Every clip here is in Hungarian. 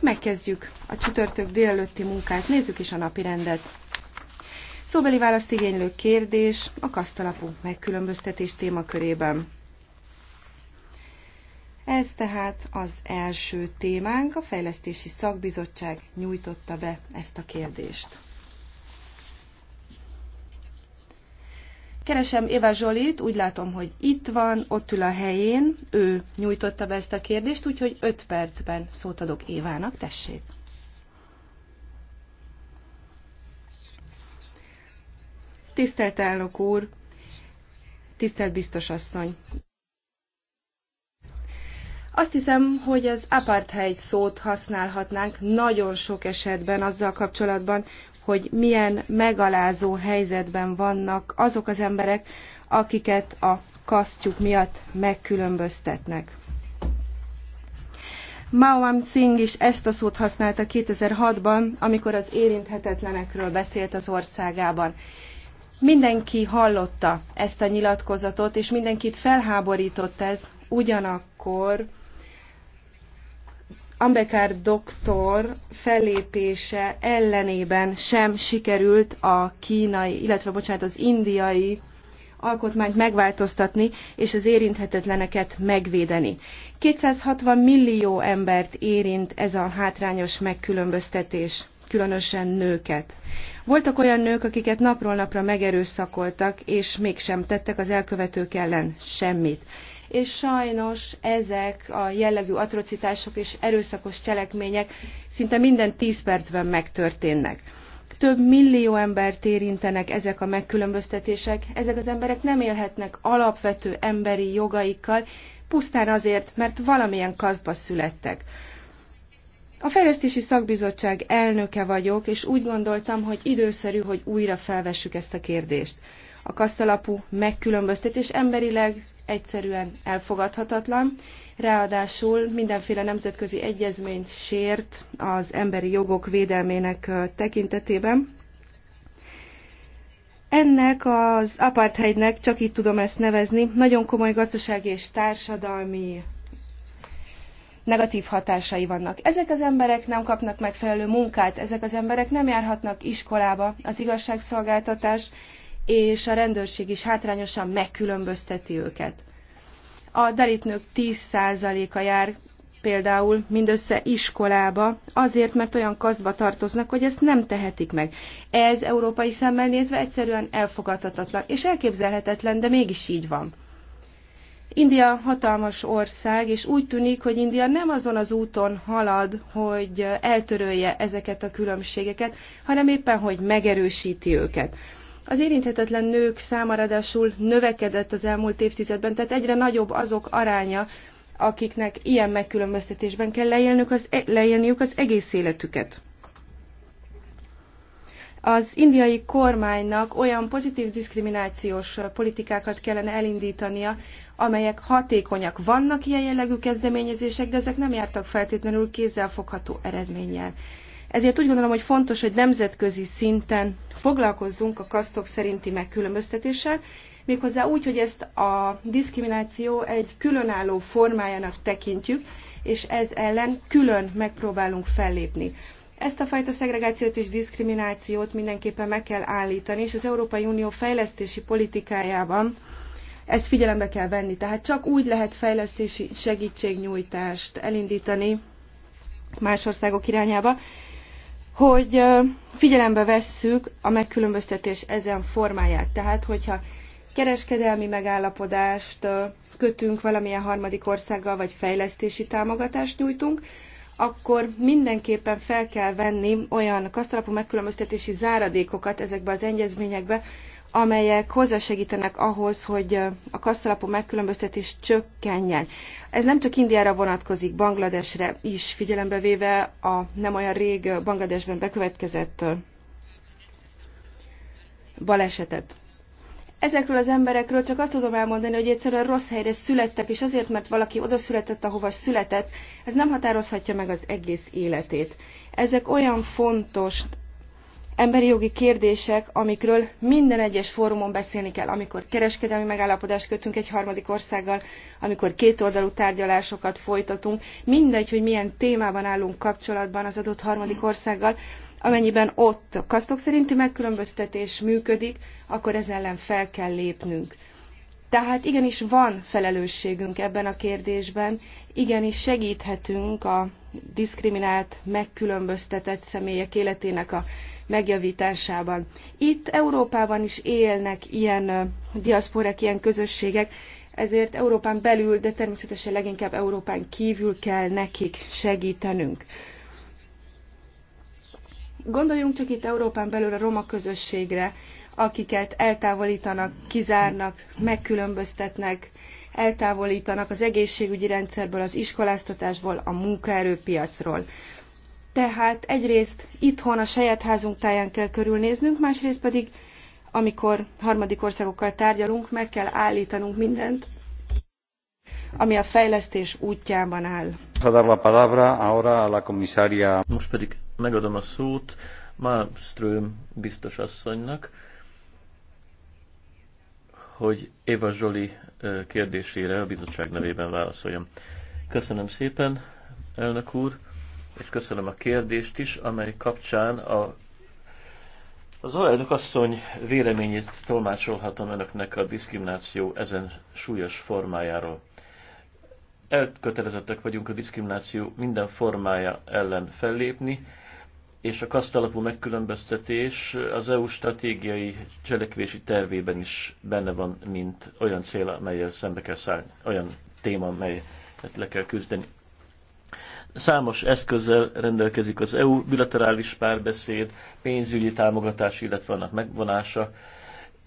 Megkezdjük a csütörtök délelőtti munkát, nézzük is a napi rendet. Szóbeli választ igénylő kérdés a kasztalapú megkülönböztetés témakörében. Ez tehát az első témánk, a Fejlesztési Szakbizottság nyújtotta be ezt a kérdést. Keresem Éva Zsolit, úgy látom, hogy itt van, ott ül a helyén, ő nyújtotta be ezt a kérdést, úgyhogy 5 percben szót adok Évának, tessék. Tisztelt elnök úr, tisztelt biztos asszony. Azt hiszem, hogy az apartheid szót használhatnánk nagyon sok esetben azzal kapcsolatban, hogy milyen megalázó helyzetben vannak azok az emberek, akiket a kasztjuk miatt megkülönböztetnek. Mawam Singh is ezt a szót használta 2006-ban, amikor az érinthetetlenekről beszélt az országában. Mindenki hallotta ezt a nyilatkozatot, és mindenkit felháborított ez, ugyanakkor Ambekár doktor fellépése ellenében sem sikerült a kínai, illetve bocsánat, az indiai alkotmányt megváltoztatni és az érinthetetleneket megvédeni. 260 millió embert érint ez a hátrányos megkülönböztetés, különösen nőket. Voltak olyan nők, akiket napról napra megerőszakoltak, és mégsem tettek az elkövetők ellen semmit és sajnos ezek a jellegű atrocitások és erőszakos cselekmények szinte minden 10 percben megtörténnek. Több millió embert érintenek ezek a megkülönböztetések, ezek az emberek nem élhetnek alapvető emberi jogaikkal, pusztán azért, mert valamilyen kasztba születtek. A Fejlesztési Szakbizottság elnöke vagyok, és úgy gondoltam, hogy időszerű, hogy újra felvessük ezt a kérdést. A kasztalapú megkülönböztetés emberileg egyszerűen elfogadhatatlan. Ráadásul mindenféle nemzetközi egyezményt sért az emberi jogok védelmének tekintetében. Ennek az apartheidnek, csak így tudom ezt nevezni, nagyon komoly gazdasági és társadalmi negatív hatásai vannak. Ezek az emberek nem kapnak megfelelő munkát, ezek az emberek nem járhatnak iskolába, az igazságszolgáltatás és a rendőrség is hátrányosan megkülönbözteti őket. A dalitnők 10%-a jár például mindössze iskolába, azért, mert olyan kasztba tartoznak, hogy ezt nem tehetik meg. Ez európai szemmel nézve egyszerűen elfogadhatatlan és elképzelhetetlen, de mégis így van. India hatalmas ország, és úgy tűnik, hogy India nem azon az úton halad, hogy eltörölje ezeket a különbségeket, hanem éppen, hogy megerősíti őket. Az érinthetetlen nők száma ráadásul növekedett az elmúlt évtizedben, tehát egyre nagyobb azok aránya, akiknek ilyen megkülönböztetésben kell leélniük az, e- leélniük az egész életüket. Az indiai kormánynak olyan pozitív diszkriminációs politikákat kellene elindítania, amelyek hatékonyak. Vannak ilyen jellegű kezdeményezések, de ezek nem jártak feltétlenül kézzelfogható eredménnyel. Ezért úgy gondolom, hogy fontos, hogy nemzetközi szinten foglalkozzunk a kasztok szerinti megkülönböztetéssel, méghozzá úgy, hogy ezt a diszkrimináció egy különálló formájának tekintjük, és ez ellen külön megpróbálunk fellépni. Ezt a fajta szegregációt és diszkriminációt mindenképpen meg kell állítani, és az Európai Unió fejlesztési politikájában ezt figyelembe kell venni. Tehát csak úgy lehet fejlesztési segítségnyújtást elindítani más országok irányába, hogy figyelembe vesszük a megkülönböztetés ezen formáját. Tehát, hogyha kereskedelmi megállapodást kötünk valamilyen harmadik országgal, vagy fejlesztési támogatást nyújtunk, akkor mindenképpen fel kell venni olyan kasztalapú megkülönböztetési záradékokat ezekbe az egyezményekbe, amelyek hozzásegítenek ahhoz, hogy a kasztalapú megkülönböztetés csökkenjen. Ez nem csak Indiára vonatkozik, Bangladesre is, figyelembe véve a nem olyan rég Bangladesben bekövetkezett balesetet. Ezekről az emberekről csak azt tudom elmondani, hogy egyszerűen rossz helyre születtek, és azért, mert valaki oda született, ahova született, ez nem határozhatja meg az egész életét. Ezek olyan fontos emberi jogi kérdések, amikről minden egyes fórumon beszélni kell, amikor kereskedelmi megállapodást kötünk egy harmadik országgal, amikor kétoldalú tárgyalásokat folytatunk, mindegy, hogy milyen témában állunk kapcsolatban az adott harmadik országgal, amennyiben ott kasztok szerinti megkülönböztetés működik, akkor ez ellen fel kell lépnünk. Tehát igenis van felelősségünk ebben a kérdésben, igenis segíthetünk a diszkriminált, megkülönböztetett személyek életének a megjavításában. Itt Európában is élnek ilyen diaszporák, ilyen közösségek, ezért Európán belül, de természetesen leginkább Európán kívül kell nekik segítenünk. Gondoljunk csak itt Európán belül a roma közösségre, akiket eltávolítanak, kizárnak, megkülönböztetnek, eltávolítanak az egészségügyi rendszerből, az iskoláztatásból, a munkaerőpiacról. Tehát egyrészt itthon a saját házunk táján kell körülnéznünk, másrészt pedig, amikor harmadik országokkal tárgyalunk, meg kell állítanunk mindent, ami a fejlesztés útjában áll. Most pedig megadom a szót Malmström biztos asszonynak, hogy Éva Zsoli kérdésére a bizottság nevében válaszoljam. Köszönöm szépen, elnök úr! és köszönöm a kérdést is, amely kapcsán a, az alelnök asszony véleményét tolmácsolhatom önöknek a diszkrimináció ezen súlyos formájáról. Elkötelezettek vagyunk a diszkrimináció minden formája ellen fellépni, és a kasztalapú megkülönböztetés az EU stratégiai cselekvési tervében is benne van, mint olyan cél, amelyel szembe kell szállni, olyan téma, amelyet le kell küzdeni. Számos eszközzel rendelkezik az EU, bilaterális párbeszéd, pénzügyi támogatás, illetve annak megvonása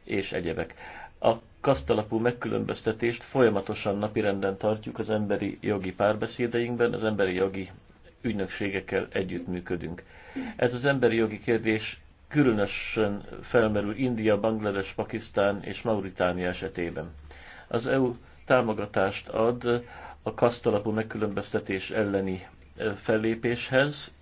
és egyebek. A kasztalapú megkülönböztetést folyamatosan napirenden tartjuk az emberi jogi párbeszédeinkben, az emberi jogi ügynökségekkel együttműködünk. Ez az emberi jogi kérdés különösen felmerül India, Banglades, Pakisztán és Mauritánia esetében. Az EU támogatást ad a kasztalapú megkülönböztetés elleni fellépéshez,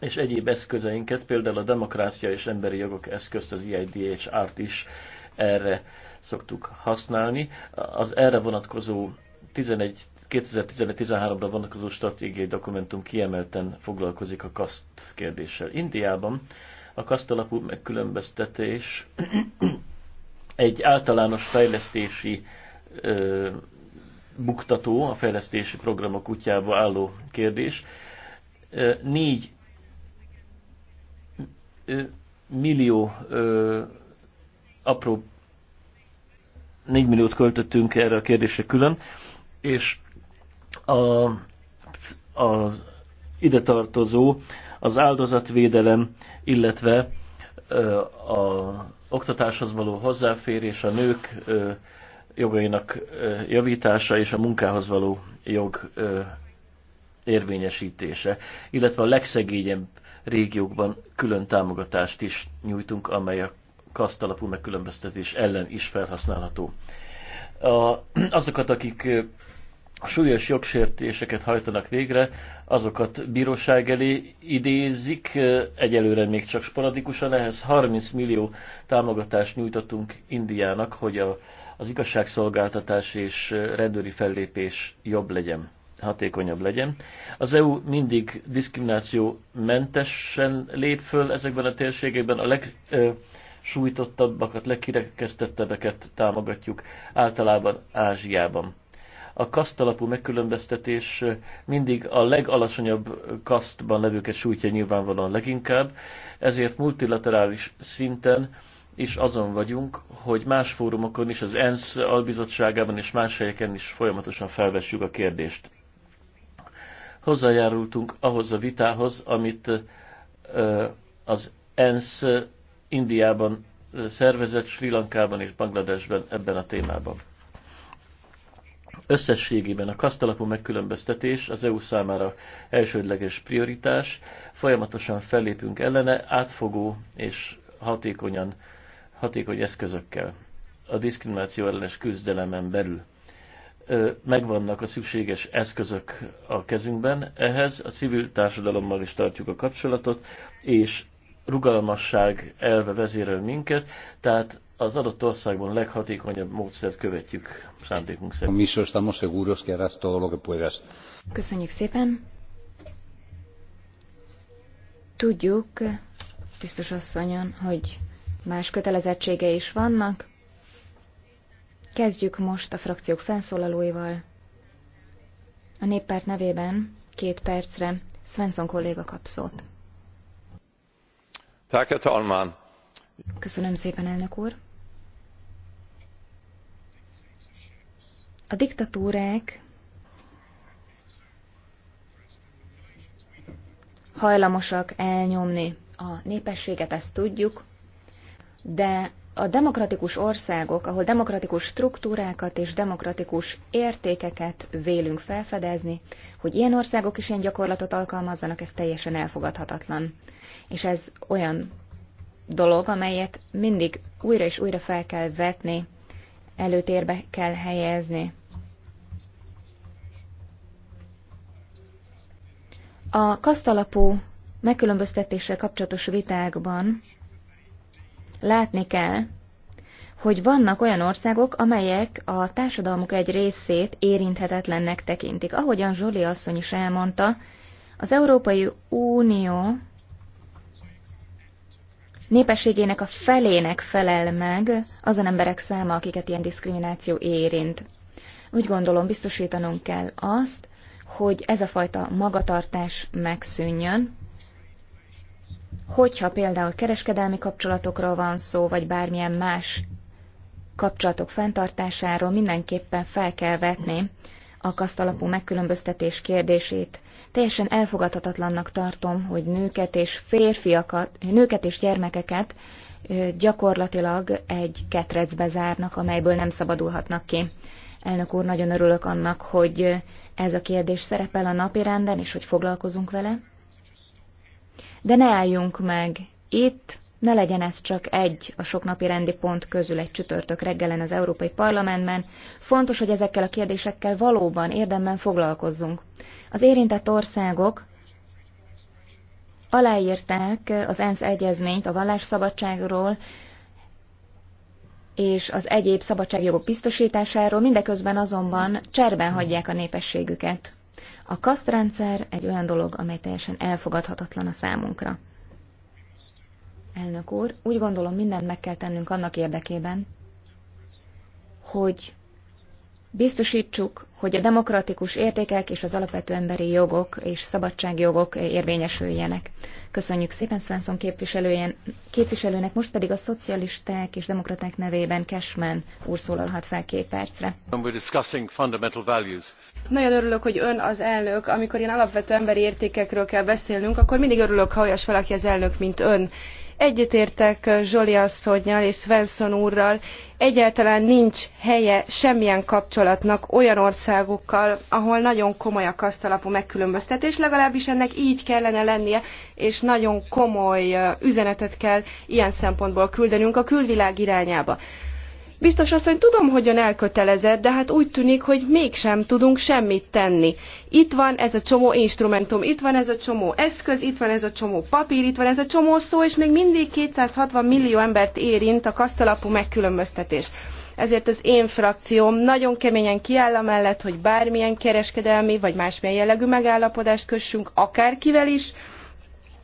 és egyéb eszközeinket, például a demokrácia és emberi jogok eszközt, az EIDHR-t is erre szoktuk használni. Az erre vonatkozó 11 2011-13-ra vonatkozó stratégiai dokumentum kiemelten foglalkozik a kaszt kérdéssel. Indiában a kaszt alapú megkülönböztetés egy általános fejlesztési ö, buktató, a fejlesztési programok útjába álló kérdés. Négy millió apró 4 milliót költöttünk erre a kérdésre külön, és a, a ide tartozó az áldozatvédelem, illetve a oktatáshoz való hozzáférés, a nők jogainak javítása és a munkához való jog érvényesítése, illetve a legszegényebb régiókban külön támogatást is nyújtunk, amely a kasztalapú megkülönböztetés ellen is felhasználható. A, azokat, akik a súlyos jogsértéseket hajtanak végre, azokat bíróság elé idézik, egyelőre még csak sporadikusan, ehhez 30 millió támogatást nyújtottunk Indiának, hogy a az igazságszolgáltatás és rendőri fellépés jobb legyen, hatékonyabb legyen. Az EU mindig diszkrimináció mentesen lép föl ezekben a térségekben, a legsújtottabbakat, legkirekesztettebbeket támogatjuk, általában Ázsiában. A kasztalapú megkülönböztetés mindig a legalacsonyabb kasztban levőket sújtja nyilvánvalóan leginkább, ezért multilaterális szinten is azon vagyunk, hogy más fórumokon is, az ENSZ albizottságában és más helyeken is folyamatosan felvessük a kérdést. Hozzájárultunk ahhoz a vitához, amit az ENSZ Indiában szervezett, Sri Lankában és Bangladesben ebben a témában. Összességében a kasztalapú megkülönböztetés az EU számára elsődleges prioritás, folyamatosan fellépünk ellene, átfogó és hatékonyan hatékony eszközökkel a diszkrimináció ellenes küzdelemen belül. Megvannak a szükséges eszközök a kezünkben, ehhez a civil társadalommal is tartjuk a kapcsolatot, és rugalmasság elve vezérel minket, tehát az adott országban leghatékonyabb módszert követjük szándékunk szerint. Köszönjük szépen! Tudjuk, biztos asszonyon, hogy más kötelezettsége is vannak. Kezdjük most a frakciók felszólalóival. A néppárt nevében két percre Svensson kolléga kap szót. Köszönöm szépen, elnök úr. A diktatúrák hajlamosak elnyomni a népességet, ezt tudjuk, de a demokratikus országok, ahol demokratikus struktúrákat és demokratikus értékeket vélünk felfedezni, hogy ilyen országok is ilyen gyakorlatot alkalmazzanak, ez teljesen elfogadhatatlan. És ez olyan dolog, amelyet mindig újra és újra fel kell vetni, előtérbe kell helyezni. A kasztalapú megkülönböztetéssel kapcsolatos vitákban Látni kell, hogy vannak olyan országok, amelyek a társadalmuk egy részét érinthetetlennek tekintik. Ahogyan Zsoli asszony is elmondta, az Európai Unió népességének a felének felel meg azon emberek száma, akiket ilyen diszkrimináció érint. Úgy gondolom, biztosítanunk kell azt, hogy ez a fajta magatartás megszűnjön, Hogyha például kereskedelmi kapcsolatokról van szó, vagy bármilyen más kapcsolatok fenntartásáról, mindenképpen fel kell vetni a kasztalapú megkülönböztetés kérdését. Teljesen elfogadhatatlannak tartom, hogy nőket és férfiakat, nőket és gyermekeket gyakorlatilag egy ketrecbe zárnak, amelyből nem szabadulhatnak ki. Elnök úr, nagyon örülök annak, hogy ez a kérdés szerepel a renden, és hogy foglalkozunk vele de ne álljunk meg itt, ne legyen ez csak egy a sok napi rendi pont közül egy csütörtök reggelen az Európai Parlamentben. Fontos, hogy ezekkel a kérdésekkel valóban érdemben foglalkozzunk. Az érintett országok aláírták az ENSZ egyezményt a vallásszabadságról, és az egyéb szabadságjogok biztosításáról, mindeközben azonban cserben hagyják a népességüket. A kasztrendszer egy olyan dolog, amely teljesen elfogadhatatlan a számunkra. Elnök úr, úgy gondolom mindent meg kell tennünk annak érdekében, hogy Biztosítsuk, hogy a demokratikus értékek és az alapvető emberi jogok és szabadságjogok érvényesüljenek. Köszönjük szépen Svensson képviselőnek, most pedig a szocialisták és demokraták nevében Cashman úr szólalhat fel két percre. Nagyon örülök, hogy ön az elnök, amikor ilyen alapvető emberi értékekről kell beszélnünk, akkor mindig örülök, ha olyas valaki az elnök, mint ön Egyetértek Zsoli asszonynal és Svensson úrral, egyáltalán nincs helye semmilyen kapcsolatnak olyan országokkal, ahol nagyon komoly a kasztalapú megkülönböztetés, legalábbis ennek így kellene lennie, és nagyon komoly üzenetet kell ilyen szempontból küldenünk a külvilág irányába. Biztos asszony, tudom, hogy ön elkötelezett, de hát úgy tűnik, hogy mégsem tudunk semmit tenni. Itt van ez a csomó instrumentum, itt van ez a csomó eszköz, itt van ez a csomó papír, itt van ez a csomó szó, és még mindig 260 millió embert érint a kasztalapú megkülönböztetés. Ezért az én frakcióm nagyon keményen kiáll amellett, hogy bármilyen kereskedelmi vagy másmilyen jellegű megállapodást kössünk, akárkivel is,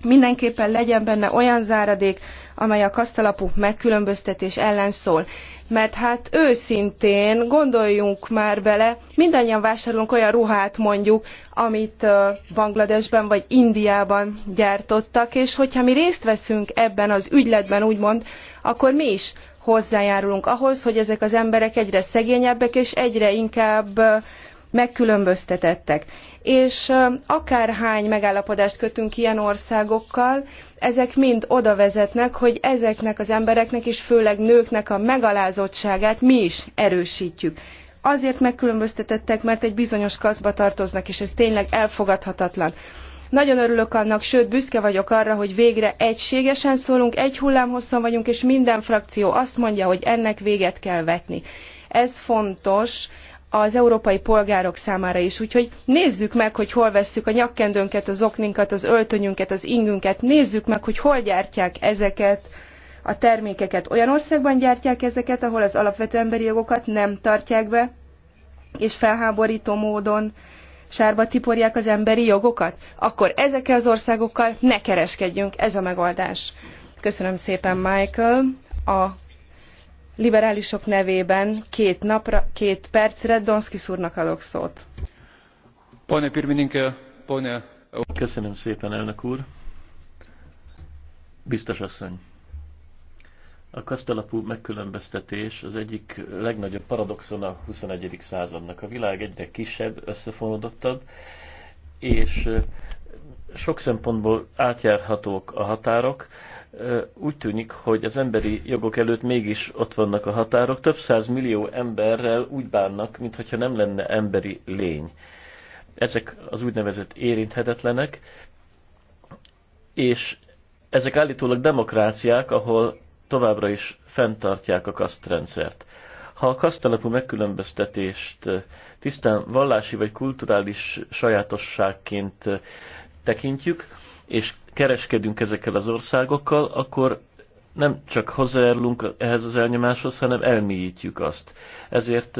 mindenképpen legyen benne olyan záradék, amely a kasztalapú megkülönböztetés ellen szól mert hát őszintén gondoljunk már bele, mindannyian vásárolunk olyan ruhát mondjuk, amit Bangladesben vagy Indiában gyártottak, és hogyha mi részt veszünk ebben az ügyletben, úgymond, akkor mi is hozzájárulunk ahhoz, hogy ezek az emberek egyre szegényebbek és egyre inkább megkülönböztetettek. És akárhány megállapodást kötünk ilyen országokkal, ezek mind oda vezetnek, hogy ezeknek az embereknek és főleg nőknek a megalázottságát mi is erősítjük azért megkülönböztetettek, mert egy bizonyos kaszba tartoznak, és ez tényleg elfogadhatatlan. Nagyon örülök annak, sőt büszke vagyok arra, hogy végre egységesen szólunk, egy hullámhosszon vagyunk, és minden frakció azt mondja, hogy ennek véget kell vetni. Ez fontos, az európai polgárok számára is. Úgyhogy nézzük meg, hogy hol vesszük a nyakkendőnket, az okninkat, az öltönyünket, az ingünket, nézzük meg, hogy hol gyártják ezeket a termékeket. Olyan országban gyártják ezeket, ahol az alapvető emberi jogokat nem tartják be, és felháborító módon sárba tiporják az emberi jogokat, akkor ezekkel az országokkal ne kereskedjünk, ez a megoldás. Köszönöm szépen, Michael. A liberálisok nevében két napra, két percre Donskis úrnak adok szót. Pane Pirmininke, pane... Köszönöm szépen, elnök úr. Biztos asszony. A kasztalapú megkülönböztetés az egyik legnagyobb paradoxon a 21. századnak. A világ egyre kisebb, összefonodottabb, és sok szempontból átjárhatók a határok úgy tűnik, hogy az emberi jogok előtt mégis ott vannak a határok. Több száz millió emberrel úgy bánnak, mintha nem lenne emberi lény. Ezek az úgynevezett érinthetetlenek, és ezek állítólag demokráciák, ahol továbbra is fenntartják a kasztrendszert. Ha a kasztalapú megkülönböztetést tisztán vallási vagy kulturális sajátosságként tekintjük, és kereskedünk ezekkel az országokkal, akkor nem csak hozzájárulunk ehhez az elnyomáshoz, hanem elmélyítjük azt. Ezért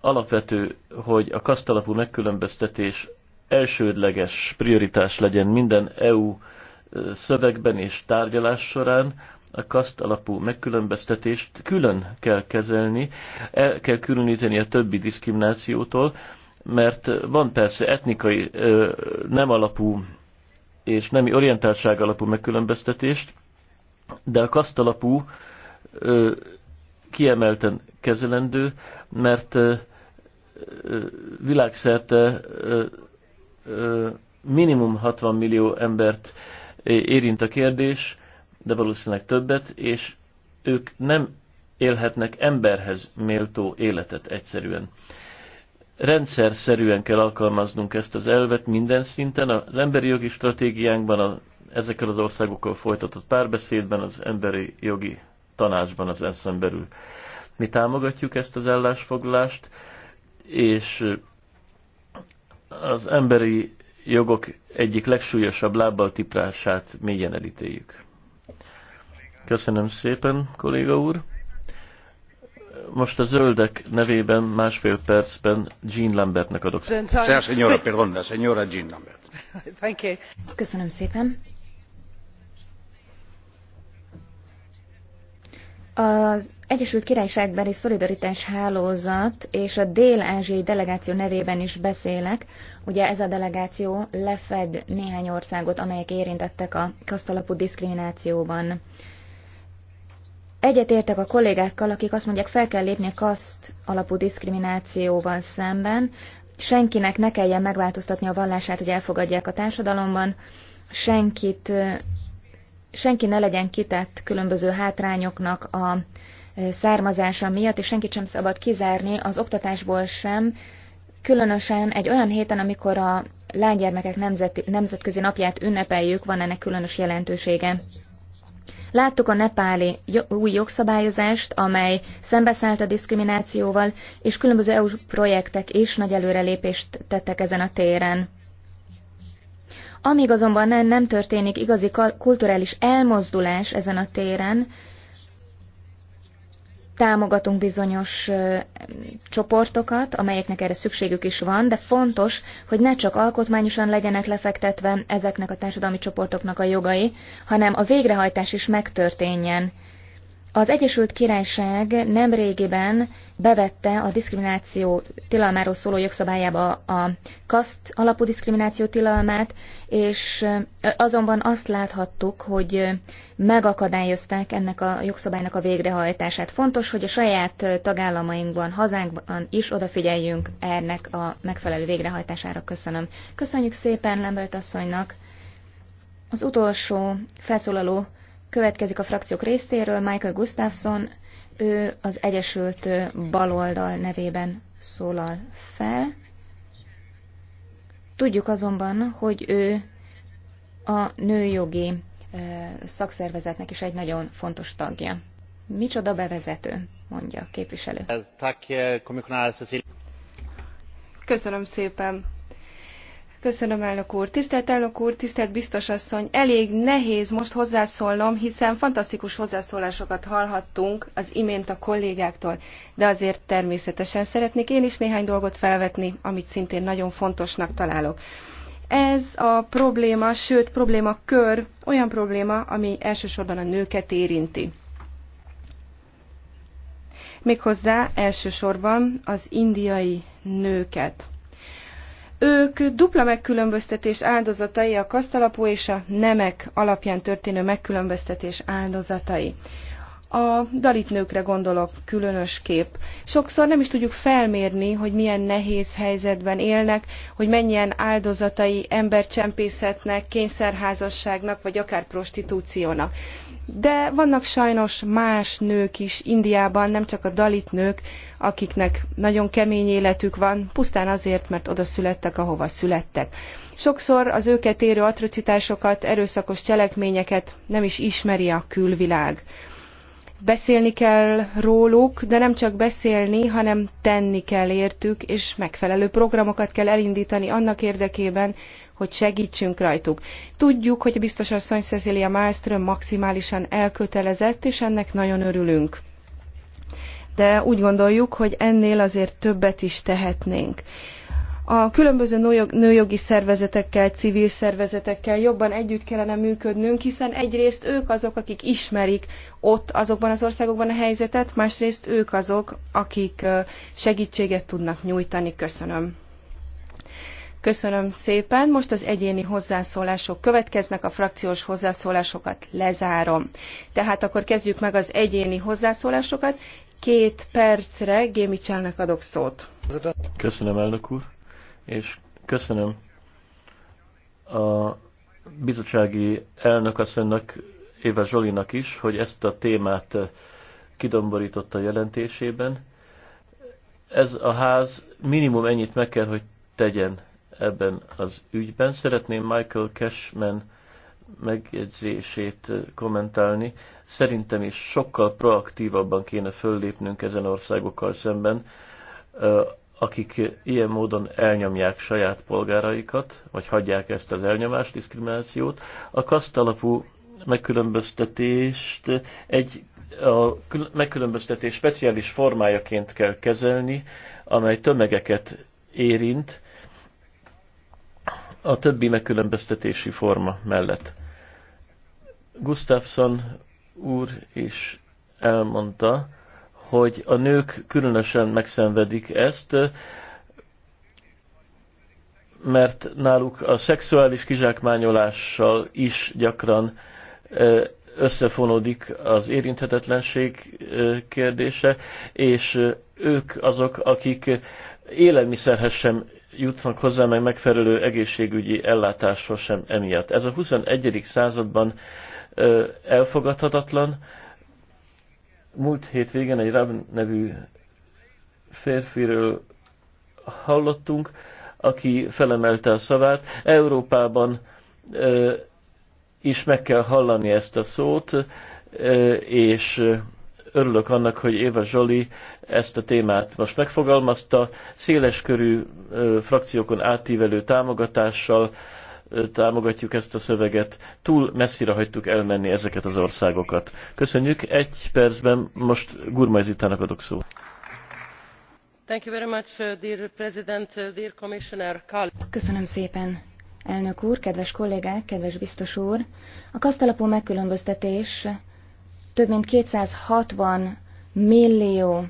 alapvető, hogy a kasztalapú megkülönböztetés elsődleges prioritás legyen minden EU szövegben és tárgyalás során, a kaszt alapú megkülönböztetést külön kell kezelni, el kell különíteni a többi diszkriminációtól, mert van persze etnikai, nem alapú és nemi orientáltság alapú megkülönböztetést, de a kaszt alapú ö, kiemelten kezelendő, mert ö, ö, világszerte ö, ö, minimum 60 millió embert érint a kérdés, de valószínűleg többet, és ők nem élhetnek emberhez méltó életet egyszerűen rendszer szerűen kell alkalmaznunk ezt az elvet minden szinten, az emberi jogi stratégiánkban, a, ezekkel az országokkal folytatott párbeszédben, az emberi jogi tanácsban az eszem belül. Mi támogatjuk ezt az állásfoglalást, és az emberi jogok egyik legsúlyosabb lábbal tiprását mélyen elítéljük. Köszönöm szépen, kolléga úr! Most a zöldek nevében másfél percben Jean Lambertnek adok. Señora, perdón, la señora Jean Lambert. Thank you. Köszönöm szépen. Az Egyesült Királyságbeli Szolidaritás Hálózat és a Dél-Ázsiai Delegáció nevében is beszélek. Ugye ez a delegáció lefed néhány országot, amelyek érintettek a kasztalapú diszkriminációban. Egyetértek a kollégákkal, akik azt mondják, fel kell lépni a kaszt alapú diszkriminációval szemben, senkinek ne kelljen megváltoztatni a vallását, hogy elfogadják a társadalomban, senkit, senki ne legyen kitett különböző hátrányoknak a származása miatt, és senkit sem szabad kizárni az oktatásból sem, különösen egy olyan héten, amikor a lánygyermekek nemzeti, nemzetközi napját ünnepeljük, van ennek különös jelentősége. Láttuk a nepáli új jogszabályozást, amely szembeszállt a diszkriminációval, és különböző EU projektek is nagy előrelépést tettek ezen a téren. Amíg azonban nem történik igazi kulturális elmozdulás ezen a téren, támogatunk bizonyos csoportokat, amelyeknek erre szükségük is van, de fontos, hogy ne csak alkotmányosan legyenek lefektetve ezeknek a társadalmi csoportoknak a jogai, hanem a végrehajtás is megtörténjen. Az Egyesült Királyság nemrégiben bevette a diszkrimináció tilalmáról szóló jogszabályába a kaszt alapú diszkrimináció tilalmát, és azonban azt láthattuk, hogy megakadályozták ennek a jogszabálynak a végrehajtását. Fontos, hogy a saját tagállamainkban, hazánkban is odafigyeljünk ennek a megfelelő végrehajtására. Köszönöm. Köszönjük szépen Lembert asszonynak. Az utolsó felszólaló Következik a frakciók részéről Michael Gustafsson, ő az Egyesült Baloldal nevében szólal fel. Tudjuk azonban, hogy ő a nőjogi szakszervezetnek is egy nagyon fontos tagja. Micsoda bevezető, mondja a képviselő. Köszönöm szépen. Köszönöm, elnök úr. Tisztelt elnök úr, tisztelt biztos asszony, elég nehéz most hozzászólnom, hiszen fantasztikus hozzászólásokat hallhattunk az imént a kollégáktól, de azért természetesen szeretnék én is néhány dolgot felvetni, amit szintén nagyon fontosnak találok. Ez a probléma, sőt problémakör olyan probléma, ami elsősorban a nőket érinti. Méghozzá elsősorban az indiai nőket. Ők dupla megkülönböztetés áldozatai, a kasztalapú és a nemek alapján történő megkülönböztetés áldozatai. A dalit nőkre gondolok különösképp. Sokszor nem is tudjuk felmérni, hogy milyen nehéz helyzetben élnek, hogy mennyien áldozatai embercsempészetnek, kényszerházasságnak, vagy akár prostitúciónak. De vannak sajnos más nők is Indiában, nem csak a dalit nők, akiknek nagyon kemény életük van, pusztán azért, mert oda születtek, ahova születtek. Sokszor az őket érő atrocitásokat, erőszakos cselekményeket nem is ismeri a külvilág beszélni kell róluk, de nem csak beszélni, hanem tenni kell értük, és megfelelő programokat kell elindítani annak érdekében, hogy segítsünk rajtuk. Tudjuk, hogy a biztos asszony Cecilia Malmström maximálisan elkötelezett, és ennek nagyon örülünk. De úgy gondoljuk, hogy ennél azért többet is tehetnénk a különböző nőjogi szervezetekkel, civil szervezetekkel jobban együtt kellene működnünk, hiszen egyrészt ők azok, akik ismerik ott azokban az országokban a helyzetet, másrészt ők azok, akik segítséget tudnak nyújtani. Köszönöm. Köszönöm szépen. Most az egyéni hozzászólások következnek, a frakciós hozzászólásokat lezárom. Tehát akkor kezdjük meg az egyéni hozzászólásokat. Két percre Gémicsának adok szót. Köszönöm, elnök úr és köszönöm a bizottsági elnökasszonynak, Éva Zsolinak is, hogy ezt a témát eh, kidomborította a jelentésében. Ez a ház minimum ennyit meg kell, hogy tegyen ebben az ügyben. Szeretném Michael Cashman megjegyzését eh, kommentálni. Szerintem is sokkal proaktívabban kéne föllépnünk ezen országokkal szemben eh, akik ilyen módon elnyomják saját polgáraikat, vagy hagyják ezt az elnyomást, diszkriminációt, a kasztalapú megkülönböztetést egy a megkülönböztetés speciális formájaként kell kezelni, amely tömegeket érint a többi megkülönböztetési forma mellett. Gustafsson úr is elmondta, hogy a nők különösen megszenvedik ezt, mert náluk a szexuális kizsákmányolással is gyakran összefonódik az érinthetetlenség kérdése, és ők azok, akik élelmiszerhez sem jutnak hozzá, meg megfelelő egészségügyi ellátáshoz sem emiatt. Ez a 21. században elfogadhatatlan, Múlt hétvégen egy Raven nevű férfiről hallottunk, aki felemelte a szavát. Európában ö, is meg kell hallani ezt a szót, ö, és örülök annak, hogy Éva Zsoli ezt a témát most megfogalmazta, széleskörű ö, frakciókon átívelő támogatással, támogatjuk ezt a szöveget. Túl messzire hagytuk elmenni ezeket az országokat. Köszönjük. Egy percben most Gurmai adok szó. Thank you very much, uh, dear President, uh, dear Commissioner. Köszönöm szépen, elnök úr, kedves kollégák, kedves biztos úr. A kasztalapú megkülönböztetés több mint 260 millió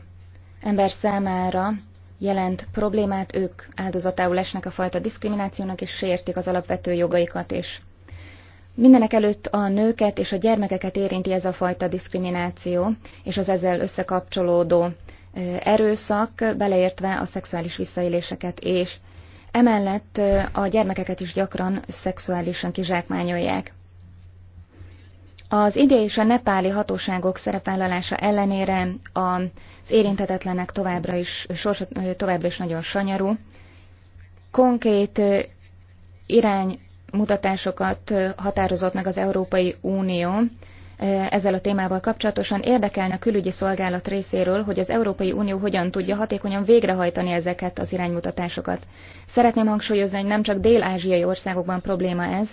ember számára jelent problémát, ők áldozatául esnek a fajta diszkriminációnak, és sértik az alapvető jogaikat is. Mindenek előtt a nőket és a gyermekeket érinti ez a fajta diszkrimináció, és az ezzel összekapcsolódó erőszak, beleértve a szexuális visszaéléseket és Emellett a gyermekeket is gyakran szexuálisan kizsákmányolják. Az indiai és a nepáli hatóságok szerepvállalása ellenére az érintetetlenek továbbra is, sorsa, továbbra is nagyon sanyarú. Konkrét iránymutatásokat határozott meg az Európai Unió ezzel a témával kapcsolatosan. Érdekelne a külügyi szolgálat részéről, hogy az Európai Unió hogyan tudja hatékonyan végrehajtani ezeket az iránymutatásokat. Szeretném hangsúlyozni, hogy nem csak dél-ázsiai országokban probléma ez,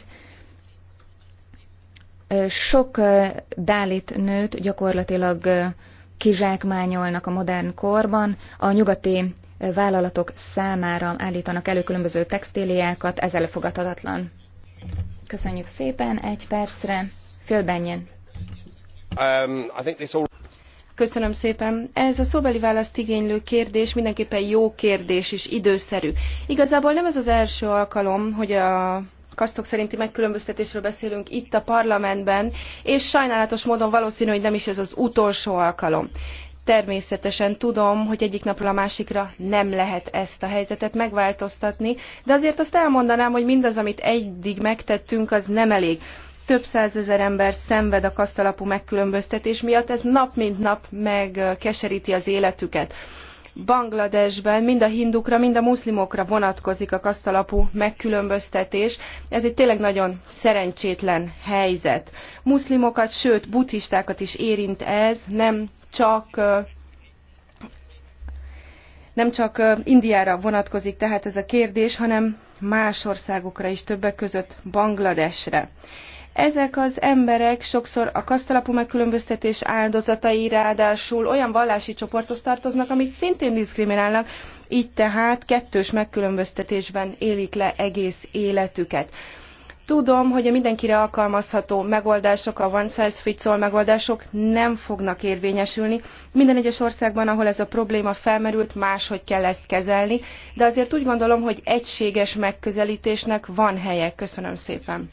sok dálit nőt gyakorlatilag kizsákmányolnak a modern korban, a nyugati vállalatok számára állítanak elő különböző textíliákat, ez elfogadhatatlan. Köszönjük szépen, egy percre. Fölbenjen. Um, Köszönöm szépen. Ez a szóbeli választ igénylő kérdés mindenképpen jó kérdés és időszerű. Igazából nem ez az első alkalom, hogy a kasztok szerinti megkülönböztetésről beszélünk itt a parlamentben, és sajnálatos módon valószínű, hogy nem is ez az utolsó alkalom. Természetesen tudom, hogy egyik napról a másikra nem lehet ezt a helyzetet megváltoztatni, de azért azt elmondanám, hogy mindaz, amit eddig megtettünk, az nem elég több százezer ember szenved a kasztalapú megkülönböztetés miatt, ez nap mint nap megkeseríti az életüket. Bangladesben mind a hindukra, mind a muszlimokra vonatkozik a kasztalapú megkülönböztetés. Ez egy tényleg nagyon szerencsétlen helyzet. Muszlimokat, sőt buddhistákat is érint ez, nem csak nem csak Indiára vonatkozik tehát ez a kérdés, hanem más országokra is, többek között Bangladesre. Ezek az emberek sokszor a kasztalapú megkülönböztetés áldozatai, ráadásul olyan vallási csoporthoz tartoznak, amit szintén diszkriminálnak, így tehát kettős megkülönböztetésben élik le egész életüket. Tudom, hogy a mindenkire alkalmazható megoldások, a one size fits all megoldások nem fognak érvényesülni. Minden egyes országban, ahol ez a probléma felmerült, máshogy kell ezt kezelni, de azért úgy gondolom, hogy egységes megközelítésnek van helye. Köszönöm szépen.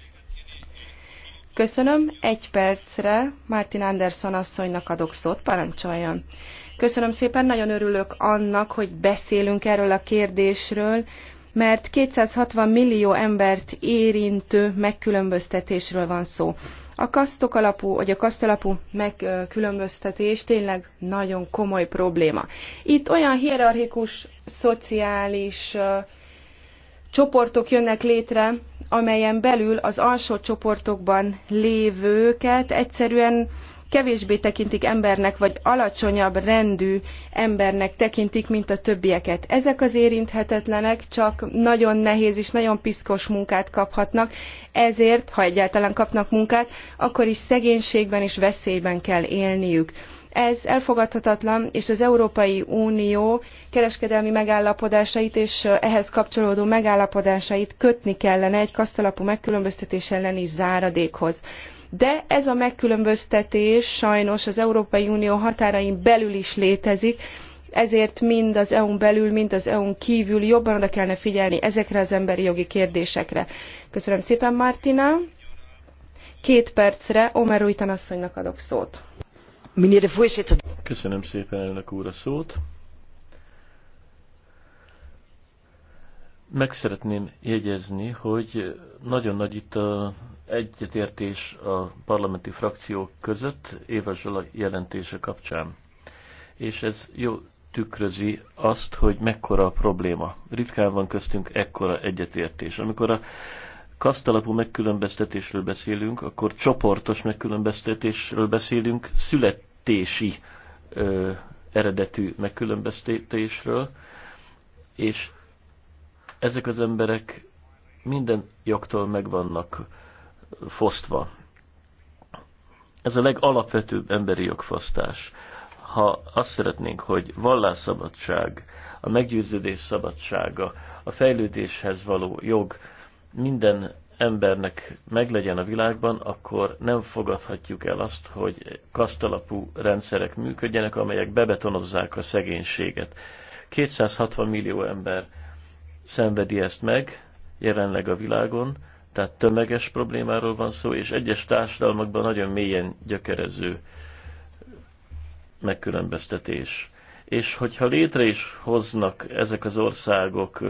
Köszönöm. Egy percre Martin Anderson asszonynak adok szót. Parancsoljon. Köszönöm szépen, nagyon örülök annak, hogy beszélünk erről a kérdésről, mert 260 millió embert érintő megkülönböztetésről van szó. A kasztok alapú, vagy a kaszt alapú megkülönböztetés tényleg nagyon komoly probléma. Itt olyan hierarchikus, szociális csoportok jönnek létre, amelyen belül az alsó csoportokban lévőket egyszerűen kevésbé tekintik embernek, vagy alacsonyabb rendű embernek tekintik, mint a többieket. Ezek az érinthetetlenek csak nagyon nehéz és nagyon piszkos munkát kaphatnak, ezért, ha egyáltalán kapnak munkát, akkor is szegénységben és veszélyben kell élniük. Ez elfogadhatatlan, és az Európai Unió kereskedelmi megállapodásait és ehhez kapcsolódó megállapodásait kötni kellene egy kasztalapú megkülönböztetés elleni záradékhoz. De ez a megkülönböztetés sajnos az Európai Unió határain belül is létezik, ezért mind az EU-n belül, mind az EU-n kívül jobban oda kellene figyelni ezekre az emberi jogi kérdésekre. Köszönöm szépen, Martina. Két percre Omer Újtan asszonynak adok szót. Köszönöm szépen elnök úr a szót. Meg szeretném jegyezni, hogy nagyon nagy itt a egyetértés a parlamenti frakciók között Éva Zsola jelentése kapcsán. És ez jó tükrözi azt, hogy mekkora a probléma. Ritkán van köztünk ekkora egyetértés. Amikor a kasztalapú megkülönböztetésről beszélünk, akkor csoportos megkülönböztetésről beszélünk szület megközelítési ö, eredetű megkülönböztetésről, és ezek az emberek minden jogtól meg vannak fosztva. Ez a legalapvetőbb emberi jogfosztás. Ha azt szeretnénk, hogy vallásszabadság, a meggyőződés szabadsága, a fejlődéshez való jog minden embernek meglegyen a világban, akkor nem fogadhatjuk el azt, hogy kasztalapú rendszerek működjenek, amelyek bebetonozzák a szegénységet. 260 millió ember szenvedi ezt meg jelenleg a világon, tehát tömeges problémáról van szó, és egyes társadalmakban nagyon mélyen gyökerező megkülönböztetés. És hogyha létre is hoznak ezek az országok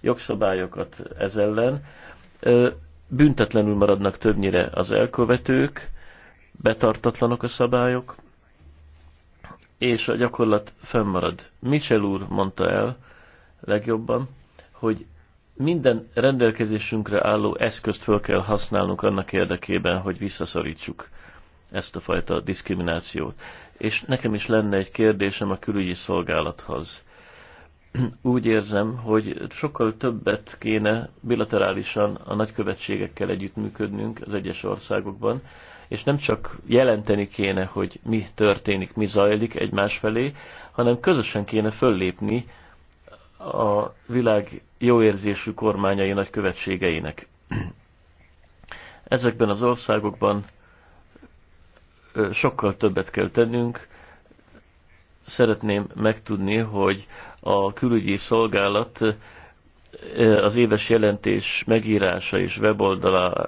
jogszabályokat ez ellen, büntetlenül maradnak többnyire az elkövetők, betartatlanok a szabályok, és a gyakorlat fennmarad. Michel úr mondta el legjobban, hogy minden rendelkezésünkre álló eszközt fel kell használnunk annak érdekében, hogy visszaszorítsuk ezt a fajta diszkriminációt. És nekem is lenne egy kérdésem a külügyi szolgálathoz. úgy érzem, hogy sokkal többet kéne bilaterálisan a nagykövetségekkel együttműködnünk az egyes országokban, és nem csak jelenteni kéne, hogy mi történik, mi zajlik egymás felé, hanem közösen kéne föllépni a világ jóérzésű kormányai nagykövetségeinek. Ezekben az országokban sokkal többet kell tennünk. Szeretném megtudni, hogy a külügyi szolgálat az éves jelentés megírása és weboldala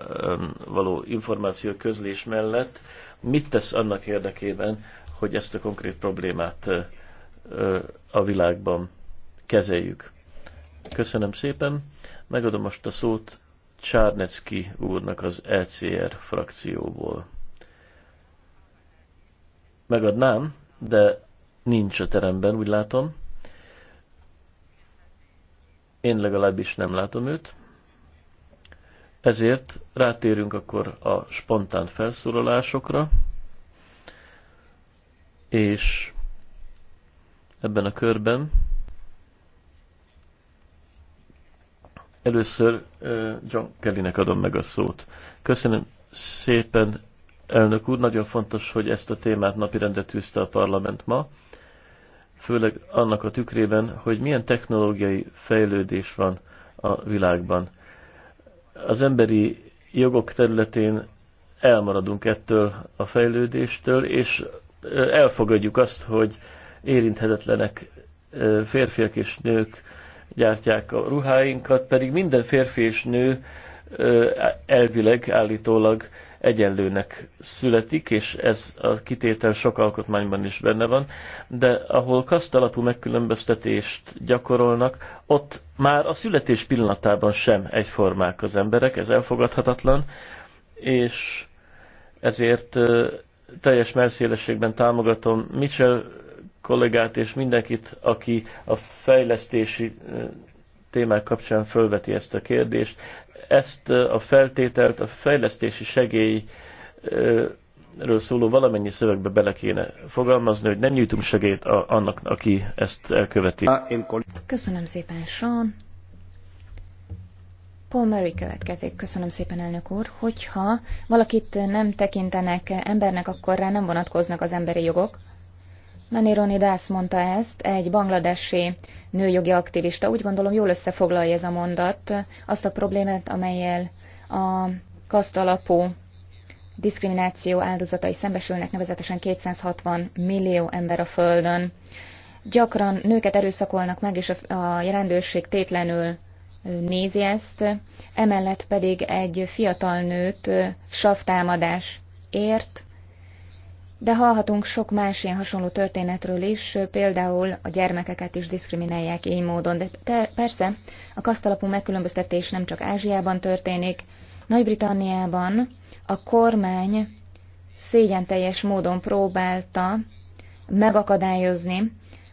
való információ közlés mellett mit tesz annak érdekében, hogy ezt a konkrét problémát a világban kezeljük. Köszönöm szépen. Megadom most a szót Csárnecki úrnak az LCR e frakcióból. Megadnám, de nincs a teremben, úgy látom. Én legalábbis nem látom őt. Ezért rátérünk akkor a spontán felszólalásokra, és ebben a körben először John Kellynek adom meg a szót. Köszönöm szépen, elnök úr, nagyon fontos, hogy ezt a témát napirendre tűzte a parlament ma főleg annak a tükrében, hogy milyen technológiai fejlődés van a világban. Az emberi jogok területén elmaradunk ettől a fejlődéstől, és elfogadjuk azt, hogy érinthetetlenek férfiak és nők gyártják a ruháinkat, pedig minden férfi és nő elvileg állítólag egyenlőnek születik, és ez a kitétel sok alkotmányban is benne van, de ahol kasztalapú megkülönböztetést gyakorolnak, ott már a születés pillanatában sem egyformák az emberek, ez elfogadhatatlan, és ezért teljes merszélességben támogatom Mitchell kollégát és mindenkit, aki a fejlesztési témák kapcsán fölveti ezt a kérdést ezt a feltételt a fejlesztési segélyről szóló valamennyi szövegbe bele kéne fogalmazni, hogy nem nyújtunk segélyt annak, aki ezt elköveti. Köszönöm szépen, Sean. Paul Murray következik. Köszönöm szépen, elnök úr. Hogyha valakit nem tekintenek embernek, akkor rá nem vonatkoznak az emberi jogok. Manironi Das mondta ezt, egy bangladesi nőjogi aktivista. Úgy gondolom, jól összefoglalja ez a mondat azt a problémát, amelyel a kasztalapú diszkrimináció áldozatai szembesülnek, nevezetesen 260 millió ember a Földön. Gyakran nőket erőszakolnak meg, és a rendőrség tétlenül nézi ezt, emellett pedig egy fiatal nőt savtámadás ért, de hallhatunk sok más ilyen hasonló történetről is, például a gyermekeket is diszkriminálják így módon. De te, persze, a kasztalapú megkülönböztetés nem csak Ázsiában történik, Nagy-Britanniában a kormány szégyen teljes módon próbálta megakadályozni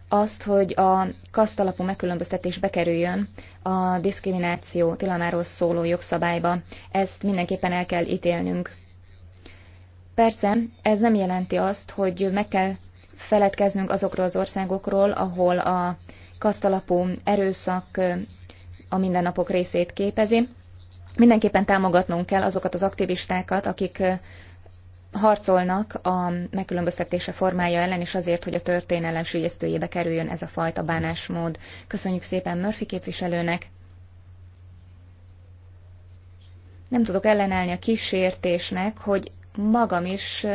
azt, hogy a kasztalapú megkülönböztetés bekerüljön a diszkrimináció tilalmáról szóló jogszabályba. Ezt mindenképpen el kell ítélnünk. Persze, ez nem jelenti azt, hogy meg kell feledkeznünk azokról az országokról, ahol a kasztalapú erőszak a mindennapok részét képezi. Mindenképpen támogatnunk kell azokat az aktivistákat, akik harcolnak a megkülönböztetése formája ellen, és azért, hogy a történelem sülyeztőjébe kerüljön ez a fajta bánásmód. Köszönjük szépen Murphy képviselőnek! Nem tudok ellenállni a kísértésnek, hogy magam is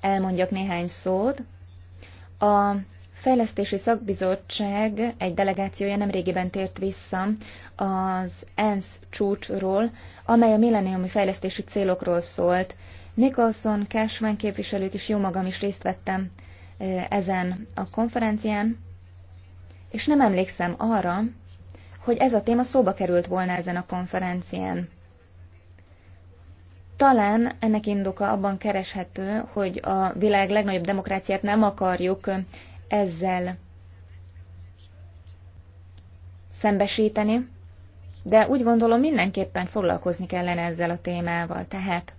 elmondjak néhány szót. A Fejlesztési Szakbizottság egy delegációja nemrégiben tért vissza az ENSZ csúcsról, amely a milleniumi fejlesztési célokról szólt. Nicholson, Cashman képviselőt is jó magam is részt vettem ezen a konferencián, és nem emlékszem arra, hogy ez a téma szóba került volna ezen a konferencián. Talán ennek indoka abban kereshető, hogy a világ legnagyobb demokráciát nem akarjuk ezzel szembesíteni, de úgy gondolom mindenképpen foglalkozni kellene ezzel a témával. Tehát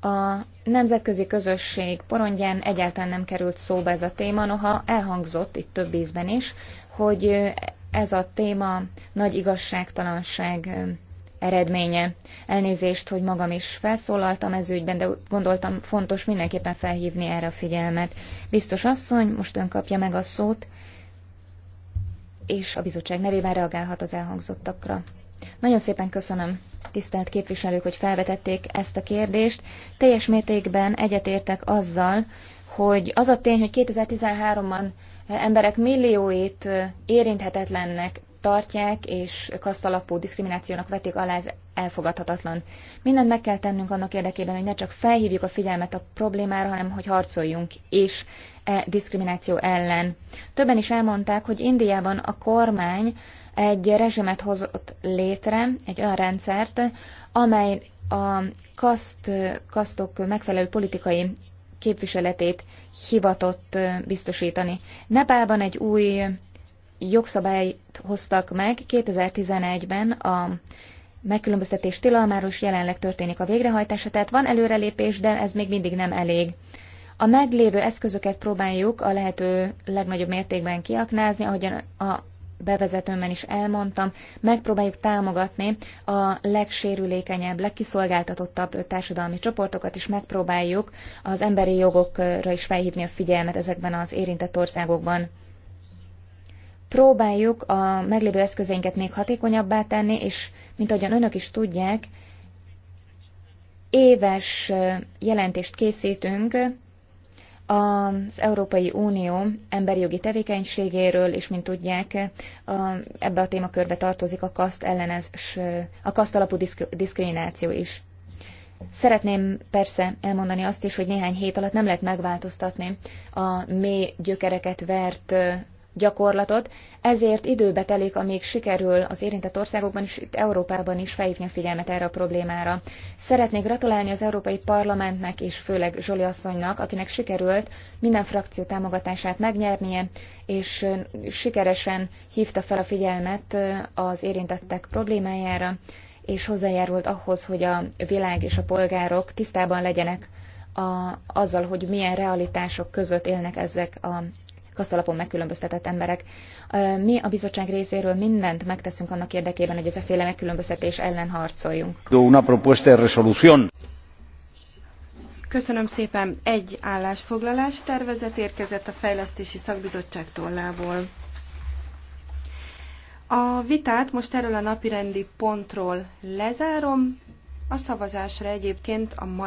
a nemzetközi közösség porondján egyáltalán nem került szóba ez a téma, noha elhangzott itt több ízben is, hogy ez a téma nagy igazságtalanság eredménye. Elnézést, hogy magam is felszólaltam ez ügyben, de gondoltam fontos mindenképpen felhívni erre a figyelmet. Biztos asszony, most ön kapja meg a szót, és a bizottság nevében reagálhat az elhangzottakra. Nagyon szépen köszönöm, tisztelt képviselők, hogy felvetették ezt a kérdést. Teljes mértékben egyetértek azzal, hogy az a tény, hogy 2013-ban emberek millióit érinthetetlennek tartják, és kasztalapú diszkriminációnak vetik alá, ez elfogadhatatlan. Mindent meg kell tennünk annak érdekében, hogy ne csak felhívjuk a figyelmet a problémára, hanem hogy harcoljunk is e diszkrimináció ellen. Többen is elmondták, hogy Indiában a kormány egy rezsimet hozott létre, egy olyan rendszert, amely a kaszt, kasztok megfelelő politikai képviseletét hivatott biztosítani. Nepálban egy új jogszabályt hoztak meg 2011-ben a megkülönböztetés tilalmáról, és jelenleg történik a végrehajtása, tehát van előrelépés, de ez még mindig nem elég. A meglévő eszközöket próbáljuk a lehető legnagyobb mértékben kiaknázni, ahogyan a bevezetőmben is elmondtam, megpróbáljuk támogatni a legsérülékenyebb, legkiszolgáltatottabb társadalmi csoportokat, és megpróbáljuk az emberi jogokra is felhívni a figyelmet ezekben az érintett országokban próbáljuk a meglévő eszközeinket még hatékonyabbá tenni, és mint ahogyan önök is tudják, éves jelentést készítünk az Európai Unió emberi jogi tevékenységéről, és mint tudják, ebbe a témakörbe tartozik a kaszt ellenes, a kaszt alapú diszkrimináció is. Szeretném persze elmondani azt is, hogy néhány hét alatt nem lehet megváltoztatni a mély gyökereket vert gyakorlatot, ezért időbe telik, amíg sikerül az érintett országokban és itt Európában is felhívni a figyelmet erre a problémára. Szeretnék gratulálni az Európai Parlamentnek és főleg Zsoli asszonynak, akinek sikerült minden frakció támogatását megnyernie, és sikeresen hívta fel a figyelmet az érintettek problémájára, és hozzájárult ahhoz, hogy a világ és a polgárok tisztában legyenek a, azzal, hogy milyen realitások között élnek ezek a kaszalapon megkülönböztetett emberek. Mi a bizottság részéről mindent megteszünk annak érdekében, hogy ez a féle megkülönböztetés ellen harcoljunk. Köszönöm szépen. Egy állásfoglalás tervezet érkezett a Fejlesztési Szakbizottság tollából. A vitát most erről a napirendi pontról lezárom. A szavazásra egyébként a mai